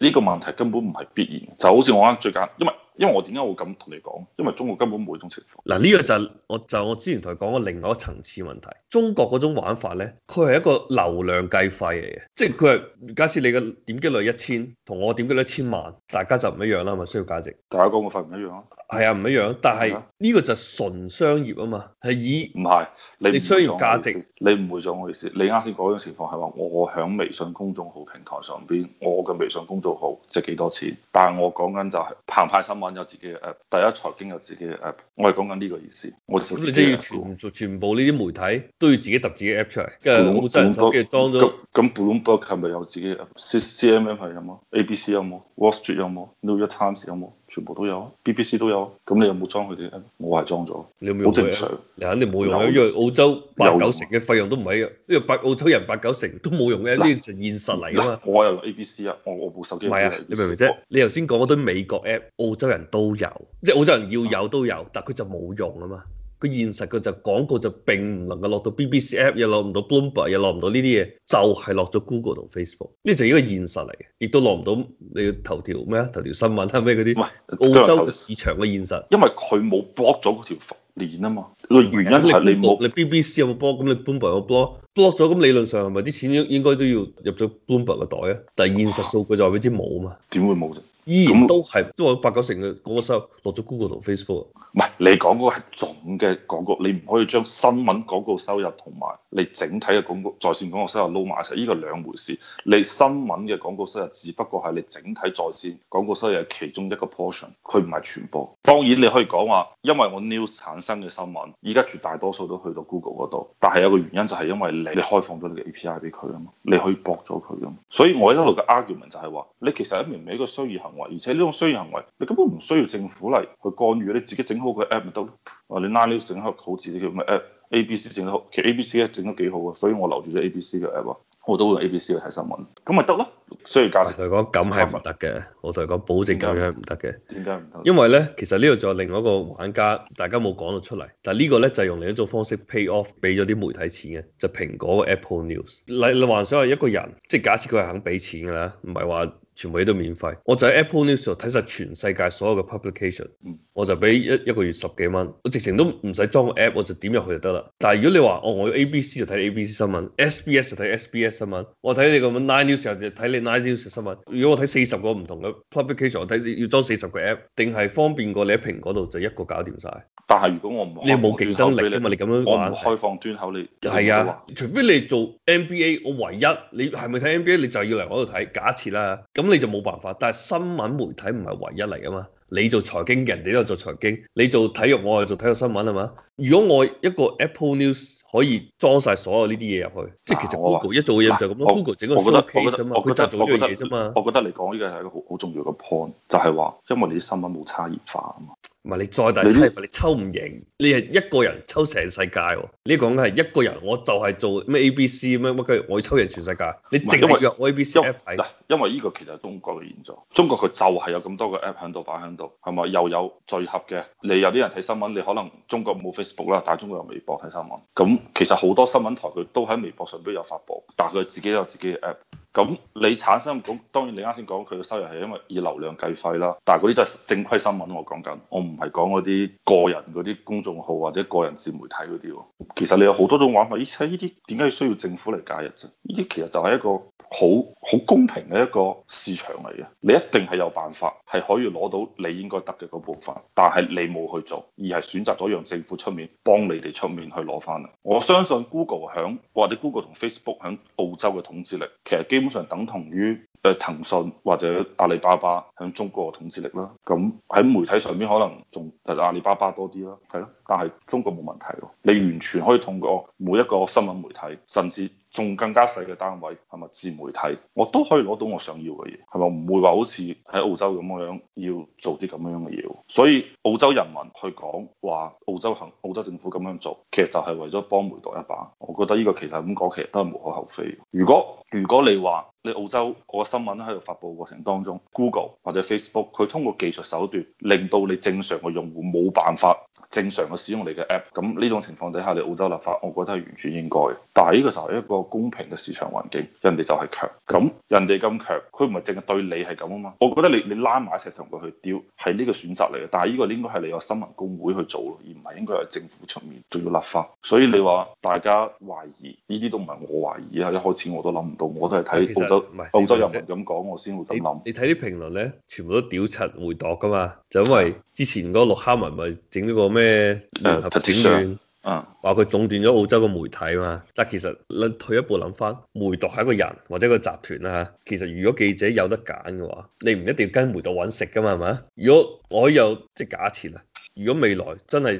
呢個問題根本唔係必然，就好似我啱最緊，因為因為我點解會咁同你講？因為中國根本冇呢種情況。嗱，呢個就係，我就我之前同你講過另外一個層次問題。中國嗰種玩法咧，佢係一個流量計費嚟嘅，即係佢係假設你嘅點擊率一千，同我點擊率一千萬，大家就唔一樣啦，嘛，需要價值？大家講個法唔一樣啊？係啊，唔一樣，但係呢個就純商業啊嘛，係以唔係你商業價值，你唔會做我意思。你啱先講嗰種情況係話，我響微信公眾號平台上邊，我嘅微信公眾號值幾多錢？但係我講緊就係澎湃新聞有自己嘅 app，第一財經有自己嘅 app，我係講緊呢個意思。咁你即係要全全部呢啲媒體都要自己揼自己 app 出嚟，跟住本身手機裝咗咁，b 咁 Bloomberg 係咪有自己嘅 app？C C M M 係有冇？A B C 有冇？Wall Street 有冇？New York Times 有冇？全部都有，BBC 都有，咁你有冇裝佢哋？冇係裝咗，你有冇用？好正常，你肯定冇用啊，用有因為澳洲八九成嘅費用都唔係嘅，因為八澳洲人八九成都冇用嘅，呢啲就現實嚟噶嘛。我有 A B C 啊，我我部手機。唔係啊，你明唔明啫？我你頭先講嗰堆美國 app，澳洲人都有，即係澳洲人要有都有，有但佢就冇用啊嘛。佢現實嘅就廣告就並唔能夠落到 BBC app，又落唔到 Bloomberg，又落唔到呢啲嘢，就係、是、落咗 Google 同 Facebook。呢就係一個現實嚟嘅，亦都落唔到你頭條咩啊，頭條新聞啊咩嗰啲。唔係澳洲嘅市場嘅現實，因為佢冇 block 咗嗰條鏈啊嘛。個原因你冇，你 BBC 有冇 block？咁你 Bloomberg 有冇 block？落咗，咁理論上係咪啲錢應應該都要入咗 b u m g e r 嘅袋啊？但係現實數據就話佢知冇啊嘛，點會冇啫？依然都係都話八九成嘅廣告收入落咗 Google 同 Facebook。唔係你講嗰個係總嘅廣告，你唔可以將新聞廣告收入同埋你整體嘅廣告在線廣告收入撈埋一齊，呢個兩回事。你新聞嘅廣告收入只不過係你整體在線廣告收入其中一個 portion，佢唔係全部。當然你可以講話，因為我 news 產生嘅新聞，而家絕大多數都去到 Google 嗰度，但係有個原因就係因為你開放咗你嘅 API 俾佢啊嘛，你可以駁咗佢啊嘛，所以我一路嘅 argument 就係話，你其實一明明係一個商業行為，而且呢種商業行為，你根本唔需要政府嚟去干預，你自己整好個 app 咪得咯。我你拉你整得好似自己叫咩 app，ABC 整得好，其實 ABC 咧整得幾好啊，所以我留住咗 ABC 嘅 app 啊。我都會 A B C 去睇新聞，咁咪得咯。所以教我嚟講，咁係唔得嘅。我嚟講，保證咁樣係唔得嘅。點解唔得？為因為咧，其實呢度仲有另外一個玩家，大家冇講到出嚟。但係呢個咧就係、是、用另一種方式 pay off，俾咗啲媒體錢嘅，就是、蘋果 Apple News。你你幻想係一個人，即係假設佢係肯俾錢㗎啦，唔係話。全部嘢都免費，我就喺 Apple News 度睇晒全世界所有嘅 publication，、嗯、我就俾一一個月十幾蚊，我直情都唔使裝個 app，我就點入去就得啦。但係如果你話，哦，我要 ABC 就睇 ABC 新聞，SBS 就睇 SBS 新聞，我睇你個 Nine News 就睇你 Nine News 嘅新聞。如果我睇四十個唔同嘅 publication，我睇要裝四十個 app，定係方便過你喺蘋果度就一個搞掂晒？但係如果我唔開放，你冇競爭力啊嘛，你咁樣開放端口，你係啊？除非你做 NBA，我唯一你係咪睇 NBA？你就要嚟我度睇。假設啦，咁。你就冇辦法，但係新聞媒體唔係唯一嚟噶嘛。你做財經，人哋都做財經；你做體育，我係做體育新聞係嘛？如果我一個 Apple News 可以裝晒所有呢啲嘢入去，即係其實 Google，一做嘢就係咁咯。Google 整個 showcase 佢就做呢啲嘢啫嘛。我覺得嚟講，呢個係一個好好重要嘅 point，就係話，因為你啲新聞冇差異化。唔係你再大差異化，你抽唔贏。你係一個人抽成世界。你講緊係一個人，我就係做咩 ABC 咁樣乜鬼，我要抽贏全世界。你淨係約 ABC app。嗱，因為呢個其實係中國嘅現狀，中國佢就係有咁多個 app 響度擺響。係咪又有聚合嘅？你有啲人睇新聞，你可能中國冇 Facebook 啦，但係中國有微博睇新聞。咁其實好多新聞台佢都喺微博上邊有發佈，但係佢自己有自己嘅 app。咁你產生咁當然你啱先講佢嘅收入係因為以流量計費啦，但係嗰啲都係正規新聞我，我講緊，我唔係講嗰啲個人嗰啲公眾號或者個人自媒體嗰啲。其實你有好多種玩法，而且呢啲點解需要政府嚟介入啫？呢啲其實就係一個好好公平嘅一個市場嚟嘅，你一定係有辦法係可以攞到你應該得嘅嗰部分，但係你冇去做，而係選擇咗讓政府出面幫你哋出面去攞翻。我相信 Google 響或者 Google 同 Facebook 響澳洲嘅統治力，其實基本。通常等同於誒騰訊或者阿里巴巴向中國嘅統治力啦，咁喺媒體上面可能仲係阿里巴巴多啲啦，係咯，但係中國冇問題喎，你完全可以通過每一個新聞媒體，甚至。仲更加細嘅單位係咪？自媒體，我都可以攞到我想要嘅嘢，係咪？唔會話好似喺澳洲咁樣要做啲咁樣嘅嘢。所以澳洲人民去講話，澳洲行澳洲政府咁樣做，其實就係為咗幫媒度一把。我覺得呢個其實咁講，其實都係無可厚非。如果如果你話，喺澳洲，我個新聞喺度發佈過程當中，Google 或者 Facebook，佢通過技術手段令到你正常嘅用戶冇辦法正常嘅使用你嘅 app。咁呢種情況底下，你澳洲立法，我覺得係完全應該嘅。但係呢個就係一個公平嘅市場環境，人哋就係強。咁人哋咁強，佢唔係淨係對你係咁啊嘛。我覺得你你拉埋一齊同佢去丟，係呢個選擇嚟嘅。但係呢個應該係你個新聞公會去做，而唔係應該係政府出面仲要立法。所以你話大家懷疑，呢啲都唔係我懷疑啊。一開始我都諗唔到，我都係睇澳洲。唔係澳洲有人咁講，我先會咁諗。你睇啲評論咧，全部都屌柒梅毒噶嘛？就因為之前嗰個陸克文咪整咗個咩聯合整斷啊，話佢壟斷咗澳洲嘅媒體嘛。但係其實你退一步諗翻，梅毒係一個人或者個集團啊。嚇。其實如果記者有得揀嘅話，你唔一定要跟梅毒揾食噶嘛，係咪？如果我可以有即係假設啊。如果未來真係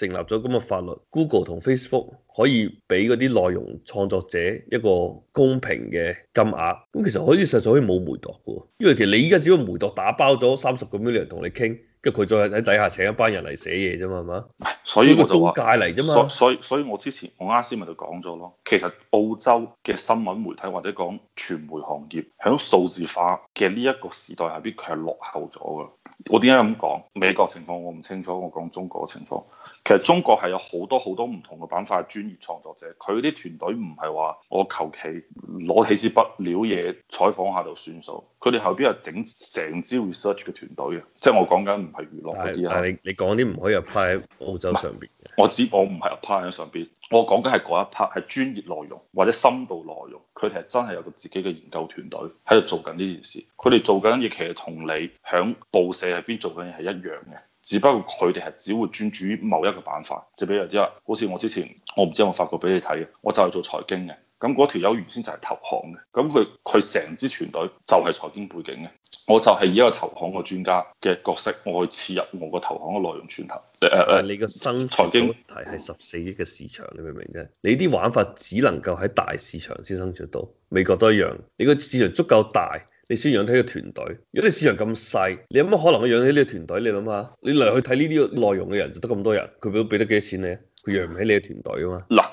成立咗咁嘅法律，Google 同 Facebook 可以俾嗰啲內容創作者一個公平嘅金額，咁其實可以實在可以冇媒體。因為其實你依家只要媒體打包咗三十個 million 同你傾。跟住佢再喺底下請一班人嚟寫嘢啫嘛，係嘛？所以個中介嚟啫嘛。所以所以，我之前我啱先咪就講咗咯。其實澳洲嘅新聞媒體或者講傳媒行業，響數字化嘅呢一個時代下邊，佢係落後咗㗎。我點解咁講？美國情況我唔清楚，我講中國嘅情況。其實中國係有好多好多唔同嘅板塊專業創作者，佢啲團隊唔係話我求其攞起支筆料嘢採訪下就算數，佢哋後邊係整成支 research 嘅團隊嘅，即係我講緊。係娛樂嗰啲啦。但係你你講啲唔可以 apply 喺澳洲上邊。我只我唔係 apply 喺上邊，我講緊係嗰一 part 係專業內容或者深度內容。佢哋係真係有個自己嘅研究團隊喺度做緊呢件事。佢哋做緊嘢其實同你響報社入邊做緊嘢係一樣嘅，只不過佢哋係只會專注於某一個版塊。就係譬如啲啊，好似我之前我唔知有冇發過俾你睇，我就係做財經嘅。咁嗰條友原先就係投行嘅，咁佢佢成支團隊就係財經背景嘅，我就係以一個投行個專家嘅角色，我去切入我個投行嘅內容傳遞。誒誒誒，你個新財經問題係十四億嘅市場，你明唔明啫？你啲玩法只能夠喺大市場先生存到，美國都一樣。你個市場足夠大，你先養得起個團隊。如果你市場咁細，你有乜可能去養起呢個團隊？你諗下，你嚟去睇呢啲個內容嘅人就得咁多人，佢俾都俾得幾多錢你？佢養唔起你嘅團隊啊嘛。嗱。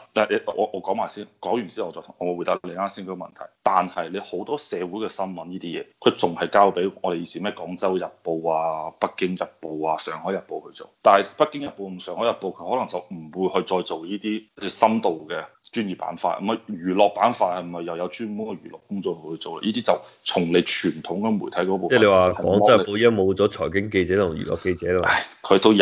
我我講埋先，講完之後我再我回答你啱先嗰個問題。但係你好多社會嘅新聞呢啲嘢，佢仲係交俾我哋以前咩廣州日報啊、北京日報啊、上海日報去做。但係北京日報同上海日報佢可能就唔會去再做呢啲深度嘅專業版塊，咁啊娛樂版塊係咪又有專門嘅娛樂工作去做呢？呢啲就從你傳統嘅媒體嗰部。即係你話廣州日報一冇咗財經記者同娛樂記者咧，佢都有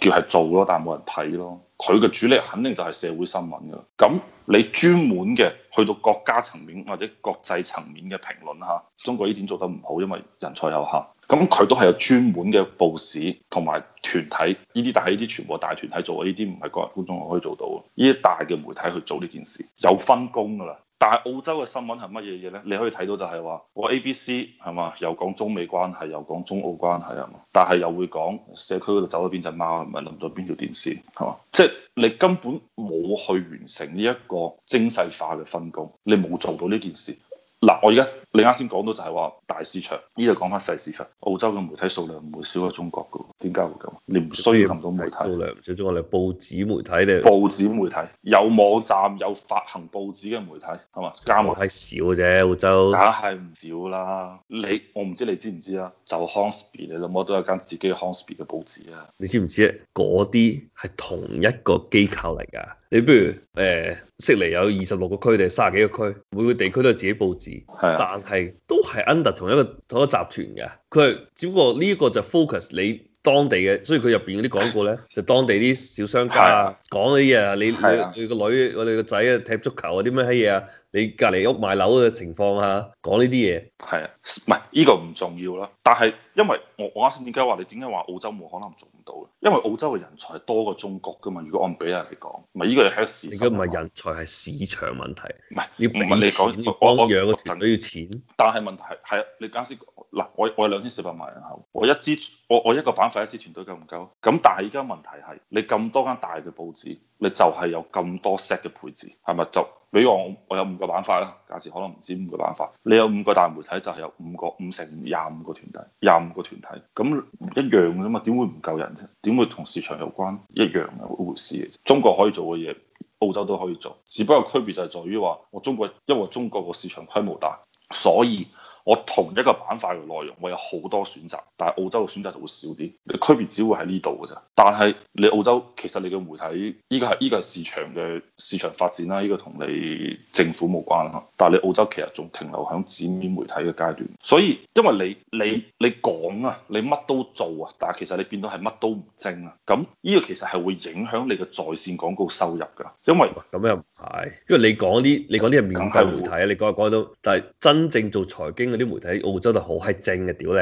叫係做咯，但係冇人睇咯。佢嘅主力肯定就係社會新聞噶啦，咁你專門嘅去到國家層面或者國際層面嘅評論吓，中國呢點做得唔好，因為人才有限，咁佢都係有專門嘅報紙同埋團體呢啲，但係呢啲全部大團體做，呢啲唔係個人觀眾可以做到，呢啲大嘅媒體去做呢件事有分工噶啦。但係澳洲嘅新聞係乜嘢嘢咧？你可以睇到就係話我 A B C 係嘛，又講中美關係，又講中澳關係，係嘛？但係又會講社區嗰度走咗邊隻貓，係咪淋咗邊條電線？係嘛？即係你根本冇去完成呢一個精細化嘅分工，你冇做到呢件事。嗱，我而家你啱先講到就係話大市場，呢度講翻細市場。澳洲嘅媒體數量唔會少過中國噶喎，點解會咁？你唔需要咁多媒體。數量，最主要我哋報紙媒體咧。報紙媒體有網站有發行報紙嘅媒體，係嘛？家媒體少嘅啫，澳洲。梗係唔少啦！你我唔知你知唔知啊？就 Hornsby 你我都摸到一間自己 Hornsby 嘅報紙啊！你知唔知咧？嗰啲係同一個機構嚟㗎。你不如誒悉尼有二十六個區定三十幾個區，每個地區都係自己報紙。啊、但係都係 under 同一個同一個集團嘅，佢係只不過呢一個就 focus 你當地嘅，所以佢入邊嗰啲廣告咧 就當地啲小商家講啲嘢啊，啊你啊你你個女我哋個仔啊踢足球啊啲咩閪嘢啊。你隔籬屋賣樓嘅情況下講呢啲嘢，係啊，唔係呢個唔重要啦。但係因為我我啱先點解話你點解話澳洲冇可能做唔到？因為澳洲嘅人才多過中國噶嘛。如果按比例嚟講，唔係呢個係歷史。而家唔係人才係市場問題，唔係要俾錢。你說幫我我我團隊要錢，但係問題係你啱先嗱，我我有兩千四百萬人口，我一支我我一個板塊一支團隊夠唔夠？咁但係而家問題係你咁多間大嘅報紙。.你就係有咁多 set 嘅配置，係咪？就比如我我有五個板塊啦，假設可能唔止五個板塊。你有五個大媒體就係有五個，五成廿五個團體，廿五個團體，咁一樣啫嘛，點會唔夠人啫？點會同市場有關一樣嘅一回事。中國可以做嘅嘢，澳洲都可以做，只不過區別就係在於話我中國，因為中國個市場規模大。所以我同一個板塊嘅內容，我有好多選擇。但係澳洲嘅選擇就會少啲，區別只會喺呢度㗎咋。但係你，你、這個這個這個、你，你澳洲其實你嘅媒體，依個係依個係市場嘅市場發展啦，呢個同你政府冇關啦。但係你澳洲其實仲停留響紙面媒體嘅階段，所以因為你你你講啊，你乜都做啊，但係其實你變到係乜都唔精啊。咁呢個其實係會影響你嘅在線廣告收入㗎，因為咁又唔係，因為你講啲你講啲係免費媒體啊，你講講到但係真。真正做財經嗰啲媒體，澳洲就好閪精嘅，屌你，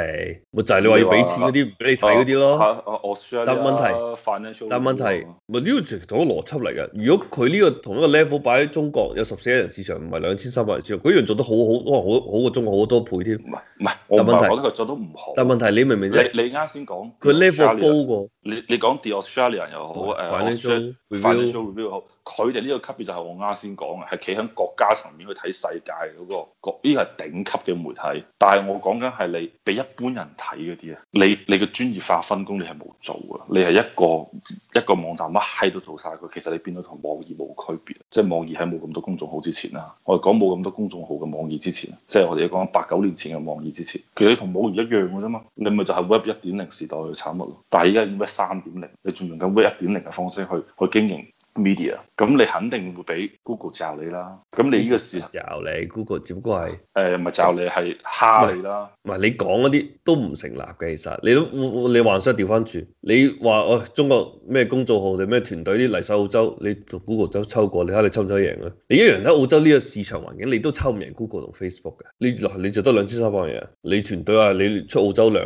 咪就係你話要俾錢嗰啲，唔俾、啊、你睇嗰啲咯。洲但問題，洲但問題，咪係呢個同一個邏輯嚟嘅。如果佢呢個同一個 level 擺喺中國，有十四億人市場，唔係兩千三百人市場，佢一樣做得好好，都係好好，好，好，好過中國好多倍添。唔係，唔係，但問題我唔係講佢做得唔好。但問題，你明唔明你你啱先講，佢 level 高過。你你講 The Australian 又好，誒 Financial Review 好，佢哋呢個級別就係我啱先講嘅，係企喺國家層面去睇世界嗰個，呢個係頂級嘅媒體。但係我講緊係你俾一般人睇嗰啲啊，你你嘅專業化分工你係冇做嘅，你係一個一個網站乜係都做晒，佢，其實你變咗同網易冇區別，即係網易喺冇咁多公眾號之前啦，我哋講冇咁多公眾號嘅網易之前，即係我哋講八九年前嘅網易之前，其實你同網易一樣嘅啫嘛，你咪就係 Web One 點零時代嘅產物咯。但係依家三點零，0，你仲用緊一一點零嘅方式去去經營。media，咁你肯定會俾 Google 罩你啦。咁你呢個時候罩你，Google 只不過係誒，唔係罩、欸、你係蝦你啦。唔係你講嗰啲都唔成立嘅，其實你都你話衰調翻轉，你話我、哎、中國咩公眾號定咩團隊啲嚟晒澳洲，你同 Google 都抽過，你睇下你抽唔抽贏啊。你一樣喺澳洲呢個市場環境，你都抽唔贏 Google 同 Facebook 嘅。你你就得兩千三百萬人，你團隊啊，你出澳洲糧，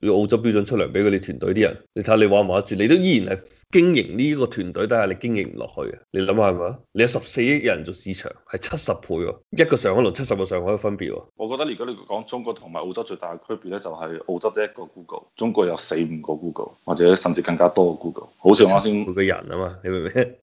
要要澳洲標準出糧俾佢哋團隊啲人，你睇下你話唔話得住，你都依然係。經營呢個團隊，但係你經營唔落去嘅，你諗下係嘛？你有十四億人做市場，係七十倍，一個上海同七十個上海嘅分別。我覺得如果你講中國同埋澳洲最大嘅區別咧，就係澳洲得一個 Google，中國有四五個 Google，或者甚至更加多個 Google。好似我先，每個人啊嘛，你明唔明？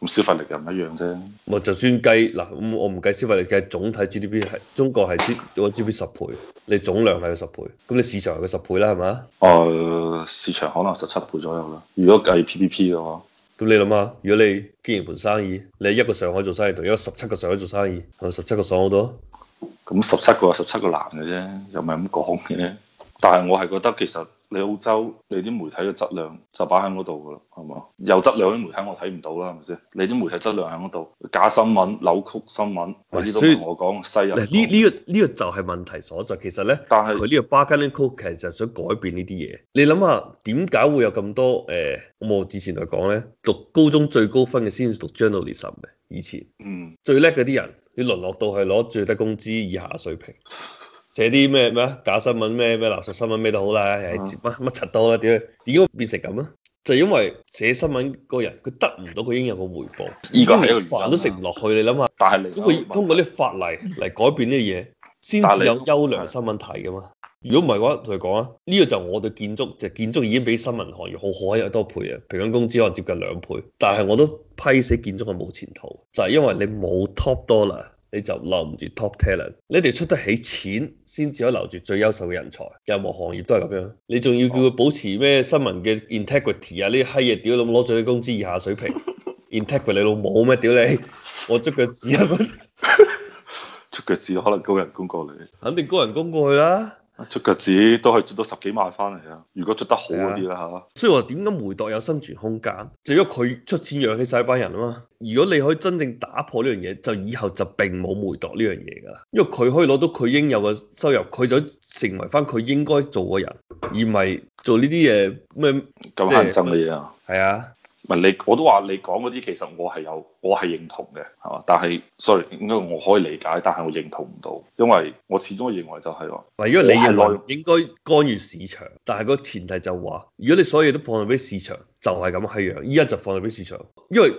唔消費力又唔一樣啫，我就算計嗱，咁我唔計消費力，計總體 G D P 係中國係 G D P 十倍，你總量係佢十倍，咁你市場係佢十倍啦係咪？誒、呃，市場可能十七倍左右啦，如果計 P P P 嘅話，咁你諗下，如果你經營盤生意，你一個上海做生意同一個十七個上海做生意，十七個，個，個爽好多，咁十七個係十七個難嘅啫，又唔係咁講嘅，但係我係覺得其實。你澳洲你啲媒體嘅質量就擺喺嗰度噶啦，係嘛？有質量啲媒體我睇唔到啦，係咪先？你啲媒體質量喺嗰度，假新聞、扭曲新聞，或者喂所以我講西人。嗱呢呢個呢、呢個就係問題所在。其實咧，佢呢是個 bargaining code 其實就想改變呢啲嘢。你諗下，點解會有咁多誒、呃？我之前就講咧，讀高中最高分嘅先至讀 journalism 嘅，以前。嗯。最叻嗰啲人，你淪落到係攞最低工資以下嘅水平。寫啲咩咩假新聞咩咩垃圾新聞咩都好啦，乜乜柒多啦點點解變成咁啊？就係、因為寫新聞個人佢得唔到佢應有嘅回報，而家連飯都食唔落去，你諗下。但係你通過通過啲法例嚟改變啲嘢，先至有優良新聞睇噶嘛？如果唔係嘅話，同佢講啊，呢、這個就我對建築就係、建築已經比新聞行業好可有多倍啊，平均工資可能接近兩倍，但係我都批死建築係冇前途，就係、係、因為你冇 top dollar。你就留唔住 top talent，你哋出得起錢先至可以留住最優秀嘅人才。任何行業都係咁樣。你仲要叫佢保持咩新聞嘅 integrity 啊？呢啲閪嘢，屌你！攞咗啲工資以下水平 ，integrity 你老母咩？屌你！我捉腳趾啊！捉腳趾可能高人工過你，肯定高人工過去啦。出腳趾都可以出到十幾萬翻嚟啊！如果出得好啲啦吓，啊、吧所以話點解梅鐸有生存空間？就因為佢出錢養起晒班人啊嘛。如果你可以真正打破呢樣嘢，就以後就並冇梅鐸呢樣嘢噶啦。因為佢可以攞到佢應有嘅收入，佢就成為翻佢應該做嘅人，而唔係做呢啲嘢咩咁骯髒嘅嘢啊？係啊，唔係你我都話你講嗰啲，其實我係有。我係認同嘅，係嘛？但係，Sorry，我可以理解，但係我認同唔到，因為我始終認為就係話，如果你認為應該干預市，市場，但係個前提就話，如果你所有嘢都放任俾市場，就係咁係樣。依家就放任俾市場，因為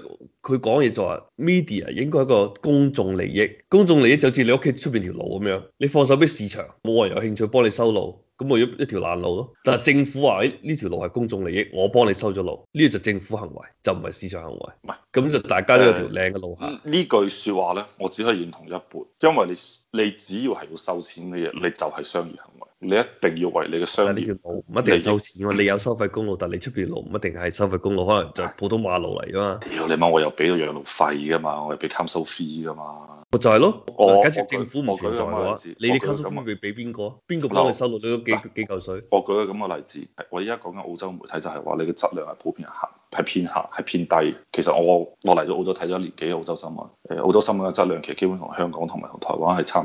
佢講嘢就話，media 應該係一個公眾利益，公眾利益就好似你屋企出邊條路咁樣，你放手俾市場，冇人有興趣幫你修路，咁咪一一條爛路咯。但係政府話，誒呢條路係公眾利益，我幫你修咗路，呢個就政府行為，就唔係市場行為。唔係是，咁就大家都。條靚嘅路行。嗯、句呢句說話咧，我只可以認同一半，因為你。你只要係要收錢嘅嘢，你就係商業行為。你一定要為你嘅商業，嗱呢條路唔一定收錢㗎嘛。你，你有收費公路，但係你出邊路唔一定係收費公路，可能就普通馬路嚟㗎嘛。屌、哎、你媽！我又俾咗養路費㗎嘛，我又俾 council fee 㗎嘛。咪就係咯，嗱我，假設政府冇存在嘅話，你 council fee 俾邊個？邊個幫你收路？我你都幾、啊、幾嚿水？我舉個咁嘅例子，我而家講緊澳洲媒體就係話，你嘅質量係普遍係偏下，係偏低。其實我我嚟咗澳洲睇咗年幾澳洲新聞，誒澳洲新聞嘅質量其實基本同香港同埋同台灣係差。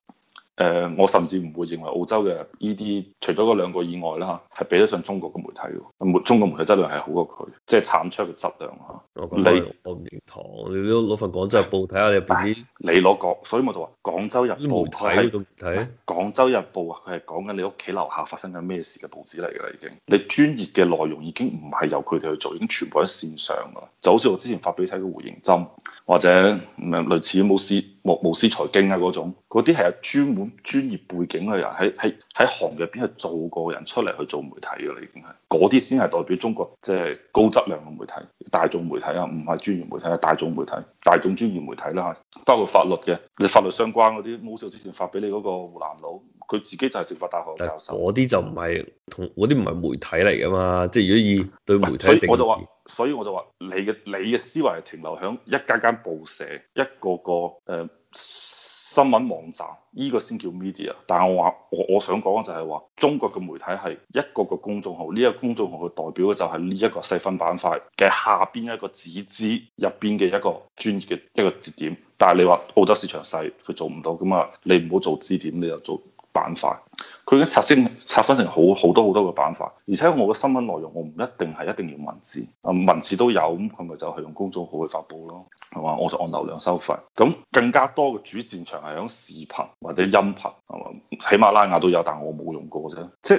誒、呃，我甚至唔會認為澳洲嘅呢啲，除咗嗰兩個以外啦，吓係比得上中國嘅媒體，嘅中國媒體質量係好過佢，即係產出嘅質量吓你。我唔認同，你都攞份《廣州日報》睇下，你入你攞廣，所以咪就話《廣州日報》睇，媒廣州日報》佢係講緊你屋企樓下發生緊咩事嘅報紙嚟噶啦，已經你專業嘅內容已經唔係由佢哋去做，已經全部喺線上噶啦。就好似我之前發俾你睇嘅回應針，或者類似冇事。莫姆斯財經啊嗰種，嗰啲係有專門專業背景嘅人喺喺喺行入邊係做過人出嚟去做媒體㗎啦，已經係嗰啲先係代表中國即係高質量嘅媒體，大眾媒體啊，唔係專業媒體啊，大眾媒體、大眾專業媒體啦、啊、嚇，包括法律嘅，你法律相關嗰啲，冇少之前發俾你嗰個湖南佬。佢自己就係政法大學教授，嗰啲就唔係同啲唔係媒體嚟噶嘛。即係如果以對媒體定義，我就話，所以我就話，你嘅你嘅思維係停留喺一間間報社、一個個誒、呃、新聞網站，呢、這個先叫 media。但係我話我我想講嘅就係話，中國嘅媒體係一個個公眾號，呢、這、一個公眾號佢代表嘅就係呢一個細分版塊嘅下邊一個指支入邊嘅一個專業嘅一個節點。但係你話澳洲市場細，佢做唔到咁啊，你唔好做支點，你就做。版塊，佢已經拆先拆分成好好多好多個版塊，而且我嘅新聞內容我唔一定係一定要文字，啊文字都有咁，佢咪就係用公眾號去發布咯，係嘛？我就按流量收費，咁更加多嘅主戰場係響視頻或者音頻，係嘛？喜馬拉雅都有，但我冇用過啫，即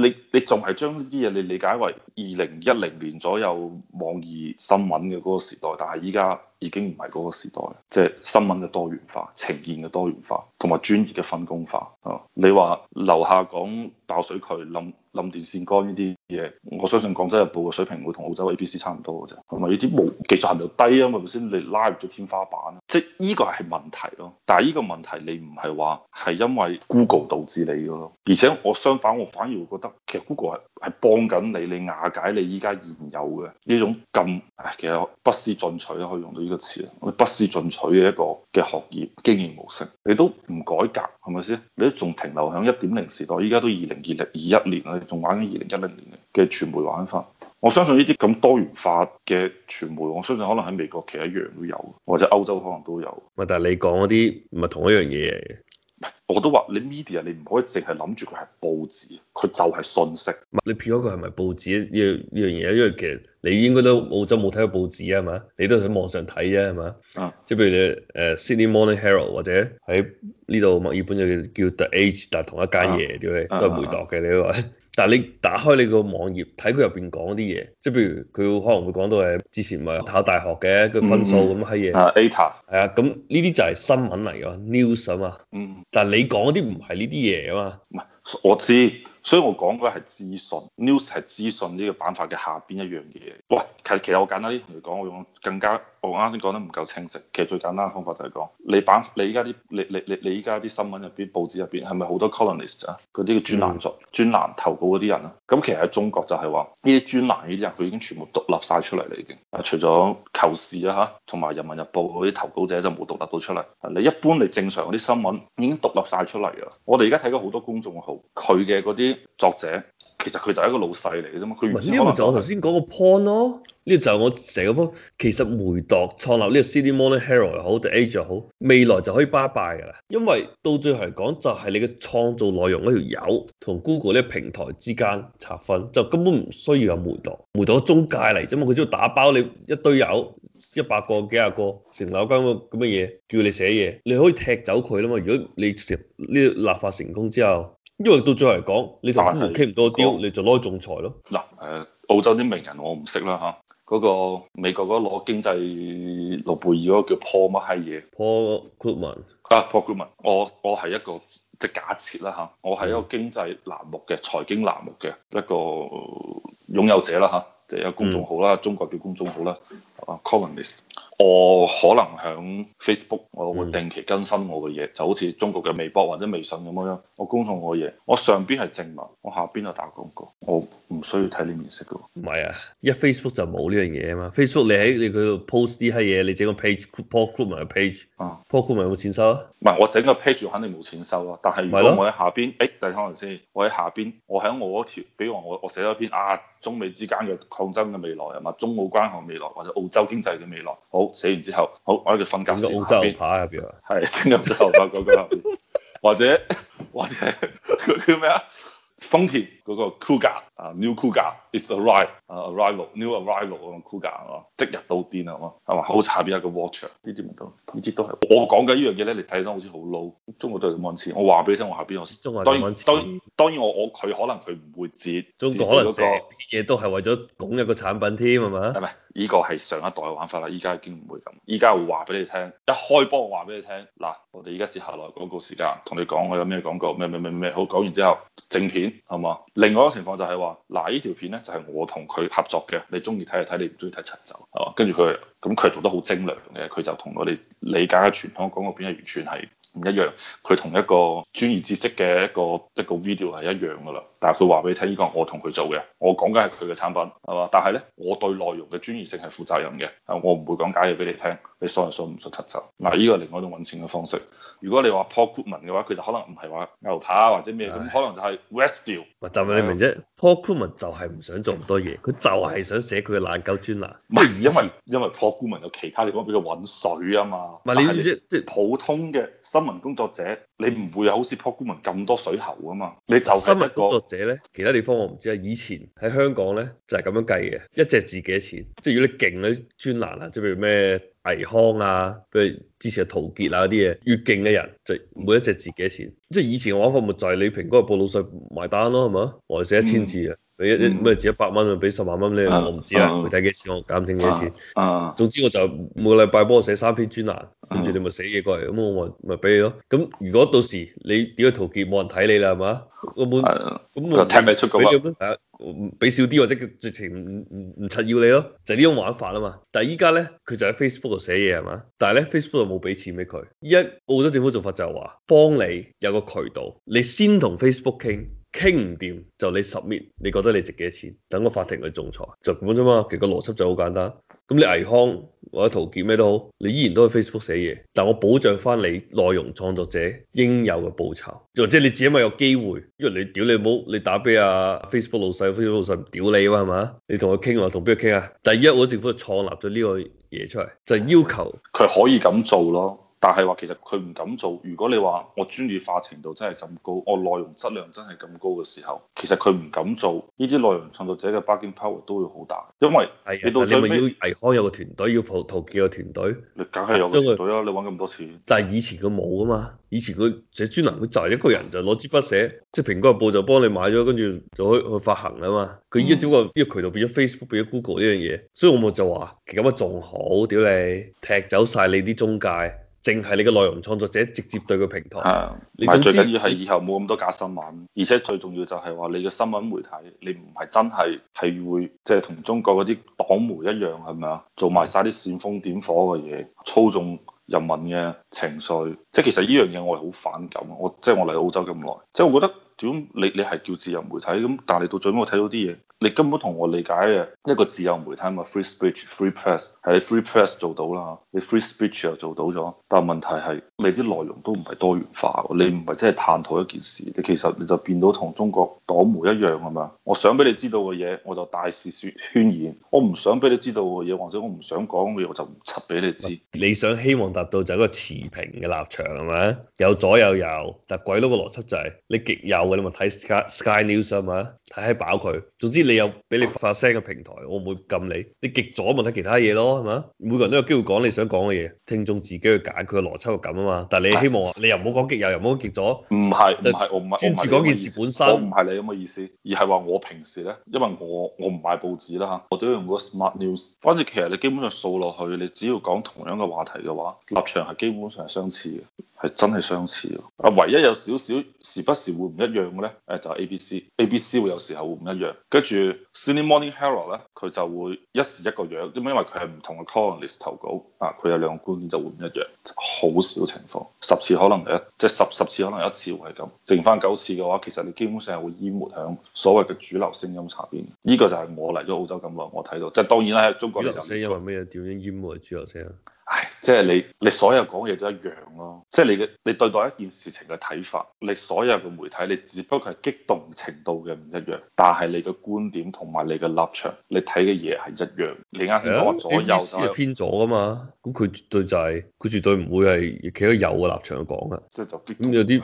你你仲係將啲嘢你理解為二零一零年左右網易新聞嘅嗰個時代，但係依家已經唔係嗰個時代，即係新聞嘅多元化、呈現嘅多元化同埋專業嘅分工化啊！你話樓下講爆水渠冧。冧電線杆呢啲嘢，我相信廣州日報嘅水平會同澳洲 ABC 差唔多嘅啫，同埋呢啲冇技術含量低啊嘛，係咪先？你拉入咗天花板，啊，即係呢個係問題咯。但係呢個問題你唔係話係因為 Google 導致你嘅咯，而且我相反我反而會覺得其實 Google 係。係幫緊你，你瓦解你依家現有嘅呢種咁，其實不思進取咯，可以用到呢個詞啊，不思進取嘅一個嘅行業經營模式，你都唔改革係咪先？你都仲停留喺一點零時代，依家都二零二零二一年啦，仲玩緊二零一零年嘅傳媒玩法。我相信呢啲咁多元化嘅傳媒，我相信可能喺美國其實一樣都有，或者歐洲可能都有。咪但係你講嗰啲唔係同一樣嘢嚟。我都話你 media，你唔可以淨係諗住佢係報紙，佢就係信息。你撇咗佢係咪報紙呢呢樣嘢，因為其實你應該都澳洲冇睇過報紙啊嘛，你都喺網上睇啫係嘛。啊，即係譬如你誒 Sydney Morning Herald 或者喺呢度墨爾本叫叫 The Age，但同一間嘢屌你，都係媒體嘅你話，但係你打開你個網頁睇佢入邊講啲嘢，即係譬如佢可能會講到係之前咪考大學嘅個分數咁樣嘢，係、嗯、啊，咁呢啲就係新聞嚟噶嘛，news 啊嘛，嗯，但係你講嗰啲唔係呢啲嘢啊嘛，唔係我知。所以我講嗰係資訊，news 係資訊呢個板塊嘅下邊一樣嘢。哇，其實其實我簡單啲同你講，我用更加我啱先講得唔夠清晰。其實最簡單嘅方法就係講，你版你而家啲你你你你而家啲新聞入邊、報紙入邊，係咪好多 columnist 啊？嗰啲叫專欄作、專欄投稿嗰啲人啊？咁其實喺中國就係話，呢啲專欄呢啲人佢已經全部獨立晒出嚟啦，已經。啊，除咗求是啊嚇，同埋人民日報嗰啲投稿者就冇獨立到出嚟。你一般你正常嗰啲新聞已經獨立晒出嚟啦。我哋而家睇到好多公眾號，佢嘅嗰啲。作者其實佢就係一個老細嚟嘅啫嘛，佢唔係呢個就我頭先講個 point 咯，呢個就係我成個 point。其實梅鐸創立呢個 Sydney Morning Herald 又好定 The Age 又好，未來就可以拜拜噶啦。因為到最後嚟講，就係、是、你嘅創造內容嗰條友同 Google 呢個平台之間拆分，就根本唔需要有梅鐸。梅鐸中介嚟啫嘛，佢只要打包你一堆友，一百個幾廿個成樓間咁嘅嘢，叫你寫嘢，你可以踢走佢啦嘛。如果你成呢立法成功之後，因為到最後嚟講，你同 Google 傾唔到雕，是你就攞去仲裁咯。嗱，誒，澳洲啲名人我唔識啦吓，嗰、啊那個美國嗰攞經濟諾貝爾嗰個叫破乜閪嘢？Paul Krugman 啊，Paul Krugman 我我係一個即假設啦吓，我係一個經濟欄目嘅財經欄目嘅一個擁有者啦吓，即係一個公眾號啦，嗯、中國叫公眾號啦，啊、uh, Krugmanist 我可能喺 Facebook，我會定期更新我嘅嘢，就好似中國嘅微博或者微信咁樣，我公眾我嘅嘢，我上邊係正文，我下邊就打廣告。我唔需要睇你面色噶喎。唔係啊，一 Facebook 就冇呢樣嘢啊嘛。Facebook 你喺你佢度 post 啲乜嘢，你整個 page，progroup 咪 page。啊。progroup 有冇錢收啊？唔係，我整個 page 肯定冇錢收啊。但係如果我喺下邊，誒等下，可能先，我喺下邊，我喺我嗰條，比如我我寫咗一篇啊，中美之間嘅抗爭嘅未來係嘛，中澳關係嘅未來或者澳洲經濟嘅未來，好。死完之後，好，我喺度瞓覺。整個澳洲牌入邊，係整個澳洲牌嗰個，或者或者佢叫咩啊？豐田。嗰個 Cougar 啊，New Cougar is the ride 啊，arrival new arrival 啊，Cougar 啊，即日到癲啊，係嘛？好，下邊一個 Watcher 呢，啲咪都呢啲都係我講緊呢樣嘢咧，你睇起身好似好 low。中國都係咁樣，我話俾你聽，我下邊我，你我，我當然當然當然我我佢可能佢唔會接，中國可能成啲嘢都係為咗講一個產品添係嘛？唔係，呢個係上一代嘅玩法啦，依家已經唔會咁。依家會話俾你聽，一開波我話俾你聽嗱，我哋依家接下來廣告時間，同你講我有咩廣告咩咩咩咩，好，講完之後正片係嘛？是另外一個情況就係話，嗱，依條片呢就係我同佢合作嘅，你中意睇就睇，你唔中意睇就走，係嘛？跟住佢，咁佢做得好精良嘅，佢就同我哋理解嘅傳統廣告片係完全係唔一樣，佢同一個專業知識嘅一個一個 video 係一樣㗎啦。但係佢話俾你聽，呢個我同佢做嘅，我講緊係佢嘅產品，係嘛？但係咧，我對內容嘅專業性係負責任嘅，啊，我唔會講假嘢俾你聽，你信就信，唔信柒就。嗱，呢個另外一種揾錢嘅方式。如果你話 Paul Goodman 嘅話，佢就可能唔係話牛扒或者咩，咁可能就係 Westview 唉。吧但係你明啫吧？Paul Goodman 就係唔想做咁多嘢，佢就係想寫佢嘅懶狗專欄。唔係，因為因為 Paul Goodman 有其他地方俾佢揾水啊嘛。唔係是你知唔知？即係普通嘅新聞工作者。你唔會有好似 Pokemon 咁多水喉啊嘛！你就係一個新聞工作者呢。其他地方我唔知啊。以前喺香港咧就係咁樣計嘅，一隻字幾多錢？即係如果你勁嗰啲專欄啊，即係譬如咩倪匡啊，譬如之前嘅陶傑啊嗰啲嘢，越勁嘅人就每一隻字幾多錢？即係以前嘅話，咪就係蘋果嗰個報老細埋單咯，係咪？我哋寫一千字啊。嗯俾一咩隻一百蚊，咪俾十萬蚊咧？我唔知啊，啦，睇幾錢我減定幾錢。啊，總之我就每個禮拜幫我寫三篇專欄，跟住你咪寫嘢過嚟，咁我咪咪俾你咯。咁如果到時你點樣逃劫，冇人睇你啦，係嘛？根本咁我出俾少啲或者直情唔唔唔柒要你咯，就呢種玩法啊嘛。但係依家咧，佢就喺 Facebook 度寫嘢係嘛，但係咧 Facebook 又冇俾錢俾佢。依家澳洲政府做法就係話，幫你有個渠道，你先同 Facebook 傾。傾唔掂就你十年，你覺得你值幾多錢？等個法庭去仲裁就咁啫嘛。其實個邏輯就好簡單。咁你倪匡或者陶傑咩都好，你依然都喺 Facebook 寫嘢，但我保障翻你內容創作者應有嘅報酬，就即係你自己咪有機會？因為你屌你冇，你打俾阿 Facebook 老細，Facebook 老細唔屌你啊嘛，係嘛？你同佢傾話，同邊個傾啊？第一，我政府創立咗呢個嘢出嚟，就係要求佢可以咁做咯。但係話其實佢唔敢做。如果你話我專業化程度真係咁高，我內容質量真係咁高嘅時候，其實佢唔敢做。呢啲內容創造者嘅 bargaining power 都會好大，因為你到、啊、你咪要維康有個團隊，要僕淘建有個團隊，你梗係有個團隊啦、啊。你揾咁多錢，但係以前佢冇啊嘛。以前佢寫專欄，佢就係一個人就攞支筆寫，即係蘋果日報就幫你買咗，跟住就可以去發行啊嘛。佢依家只不過呢個渠道變咗 Facebook，變咗 Google 呢樣嘢，所以我咪就話，咁啊仲好屌你，踢走晒你啲中介。淨係你嘅內容創作者直接對個平台你、啊，你最緊要係以後冇咁多假新聞，而且最重要就係話你嘅新聞媒體，你唔係真係係會即係同中國嗰啲黨媒一樣係咪啊？做埋晒啲煽風點火嘅嘢，操縱人民嘅情緒，即係其實呢樣嘢我係好反感，我即係我嚟澳洲咁耐，即係我覺得。點你你係叫自由媒體咁，但係你到最尾我睇到啲嘢，你根本同我理解嘅一個自由媒體啊嘛，free speech，free press 係 free press 做到啦，你 free speech 又做到咗，但係問題係你啲內容都唔係多元化嘅，你唔係真係探討一件事，你其實你就變到同中國黨媒一樣啊嘛，我想俾你知道嘅嘢我就大肆宣宣揚，我唔想俾你知道嘅嘢或者我唔想講嘅嘢我就唔出俾你知。你想希望達到就係一個持平嘅立場係咪？有左右有，但鬼佬嘅邏輯就係你極右。你咪睇 Sky News 啊嘛，睇喺飽佢。總之你有俾你發聲嘅平台，我唔會禁你。你極左咪睇其他嘢咯，係咪？每個人都有機會講你想講嘅嘢，聽眾自己去揀佢嘅邏輯咁啊嘛。但係你希望，你又唔好講極右，的又唔好極左。唔係是，唔係，我唔係專注件事本身，唔係你咁嘅意，意思，而係話我平時咧，因為我我唔買報紙啦嚇，我都要用嗰個 Smart News。反正其實你基本上掃落去，你只要講同樣嘅話題嘅話，立場係基本上係相似嘅。係真係相似啊！唯一有少少時不時會唔一樣嘅咧，誒就係、是、A B C，A B C 會有時候會唔一樣。跟住 Sydney Morning Herald 咧，佢就會一時一個樣，因為佢係唔同嘅 columnist 投稿啊，佢有兩個觀點就會唔一樣。好、就是、少情況，十次可能有一即、就是、十十次可能有一次會係咁，剩翻九次嘅話，其實你基本上係會淹沒喺所謂嘅主流聲音下邊。呢、這個就係我嚟咗澳洲咁耐，我睇到即、就是、當然啦，中國就因為咩點樣淹沒主流聲？唉，即係你你所有講嘢都一樣咯、啊，即係你嘅你對待一件事情嘅睇法，你所有嘅媒體，你只不過係激動程度嘅唔一樣，但係你嘅觀點同埋你嘅立場，你睇嘅嘢係一樣。你啱先講咗右，所以偏左㗎嘛。咁佢絕對就係、是，佢絕對唔會係企喺右嘅立場講嘅。即係就，就激動，咁有啲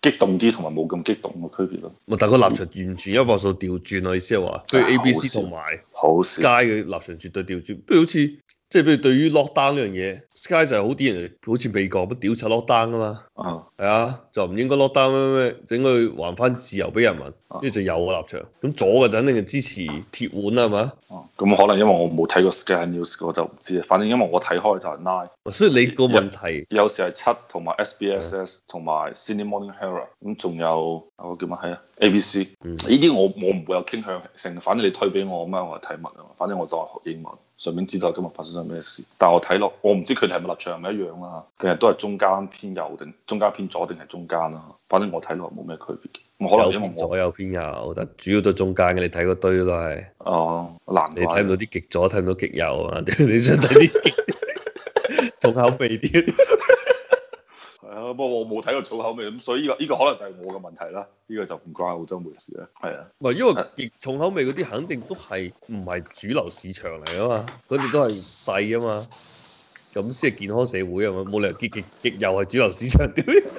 激動啲同埋冇咁激動嘅區別咯。唔係，但個立場完全一百度調轉啊！唉意思係話，譬如 A、B ABC 和、C 同埋 Sky 嘅立場絕對調轉，譬如好似。即係比如對於 lockdown 呢樣嘢，Sky 就係好啲人好似美國咁屌柒 lockdown 啊嘛，係啊、uh,，就唔應該 lockdown 咩咩，整佢還翻自由俾人民，呢、uh, 就有個立場。咁左嘅就肯定係支持鐵腕啦，係嘛、uh, 吧？咁、嗯、可能因為我冇睇過 Sky News，我就唔知啊。反正因為我睇開就係 Nine，所以你個問題有時係七同埋 SBS s 同埋 Sydney Morning Herald 咁仲有我叫乜係啊？ABC，呢啲、嗯、我我唔會有傾向性。反正你推俾我，我乜我睇乜啊嘛。反正我當係學英文。順便知道今日發生咗咩事，但係我睇落，我唔知佢哋係咪立場係咪一樣啦。定係都係中間偏右定中間偏左定係中間啊。反正我睇落冇咩區別。可能因為有，有左右偏右，我覺得主要都中間嘅。你睇嗰堆都係。哦，嗱，你睇唔到啲極左，睇唔到極右啊！你想睇啲極重口味啲？ 不過我冇睇過重口味咁，所以呢個呢個可能就係我嘅問題啦。呢個就唔關澳洲媒事啦。係啊的，唔係因為極重口味嗰啲肯定都係唔係主流市場嚟啊嘛？佢哋都係細啊嘛。咁先係健康社會啊嘛！冇理由極極極又係主流市場嘅的。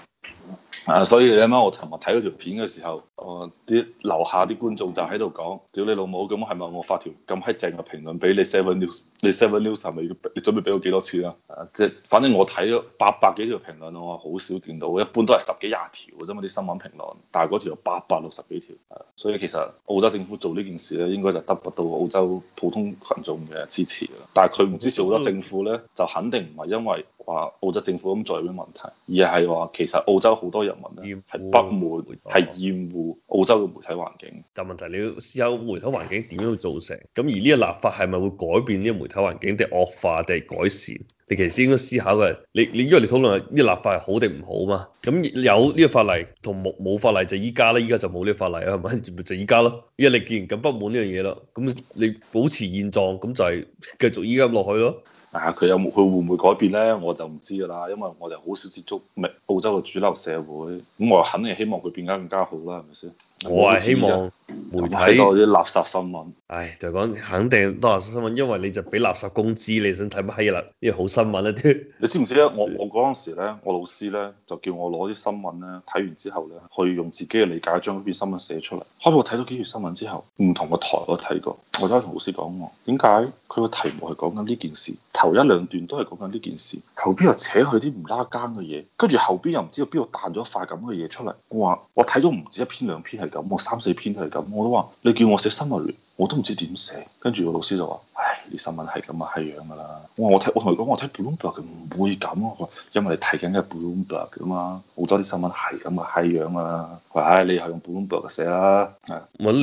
啊！ 所以你啱啱我尋日睇嗰條片嘅時候。哦，啲樓、呃、下啲觀眾就喺度講，屌你老母，咁係咪我發條咁閪正嘅評論俾你？Seven News，你 Seven News 係咪？你準備俾我幾多次啊？即、啊、係反正我睇咗八百幾條評論，我好少見到，一般都係十幾廿條嘅啫嘛啲新聞評論，但係嗰條八百六十幾條，所以其實澳洲政府做呢件事咧，應該就得不到澳洲普通群眾嘅支持，但係佢唔支持澳洲政府咧，就肯定唔係因為話澳洲政府咁做有咩問題，而係話其實澳洲好多人民咧係不滿，係厭惡。澳洲嘅媒體環境，但問題你要思考媒體環境點樣去造成，咁而呢個立法係咪會改變呢個媒體環境，定惡化定係改善？你其實應該思考嘅係，你你因為你討論呢個立法係好定唔好嘛？咁有呢個法例同冇冇法例就依家啦，依家就冇呢個法例啦，係咪？咪就依家咯，依家你既然咁不滿呢樣嘢啦，咁你保持現狀咁就係繼續依家咁落去咯。啊！佢有佢會唔會改變咧？我就唔知噶啦，因為我就好少接觸澳洲嘅主流社會，咁我肯定希望佢變得更加好啦，係咪先？我係希望媒體睇多啲垃圾新聞。唉、哎，就講肯定多垃圾新聞，因為你就俾垃圾工資，你想睇乜閪啦？呢個好新聞一、啊、啲。 你知唔知咧？我我嗰陣時咧，我老師咧就叫我攞啲新聞咧，睇完之後咧，去用自己嘅理解將嗰篇新聞寫出嚟。後屘我睇到幾條新聞之後，唔同嘅台我睇過，我都係同老師講我點解佢個題目係講緊呢件事。頭一兩段都係講緊呢件事，後邊又扯佢啲唔拉更嘅嘢，跟住後邊又唔知道邊度彈咗塊咁嘅嘢出嚟。我話我睇到唔止一篇兩篇係咁，我三四篇都係咁，我都話你叫我寫新聞，我都唔知點寫。跟住個老師就話：唉，啲新聞係咁嘅係樣噶啦。我話我睇，我同你講，我睇《Bloomberg》佢唔會咁。我話因為你睇緊嘅《Bloomberg》啊嘛，好多啲新聞係咁嘅係樣噶啦。佢話唉，你係用《Bloomberg》寫啦你。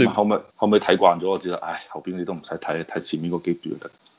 啊，後尾，後尾睇慣咗我知啦。唉，後邊你都唔使睇，睇前面嗰幾段得。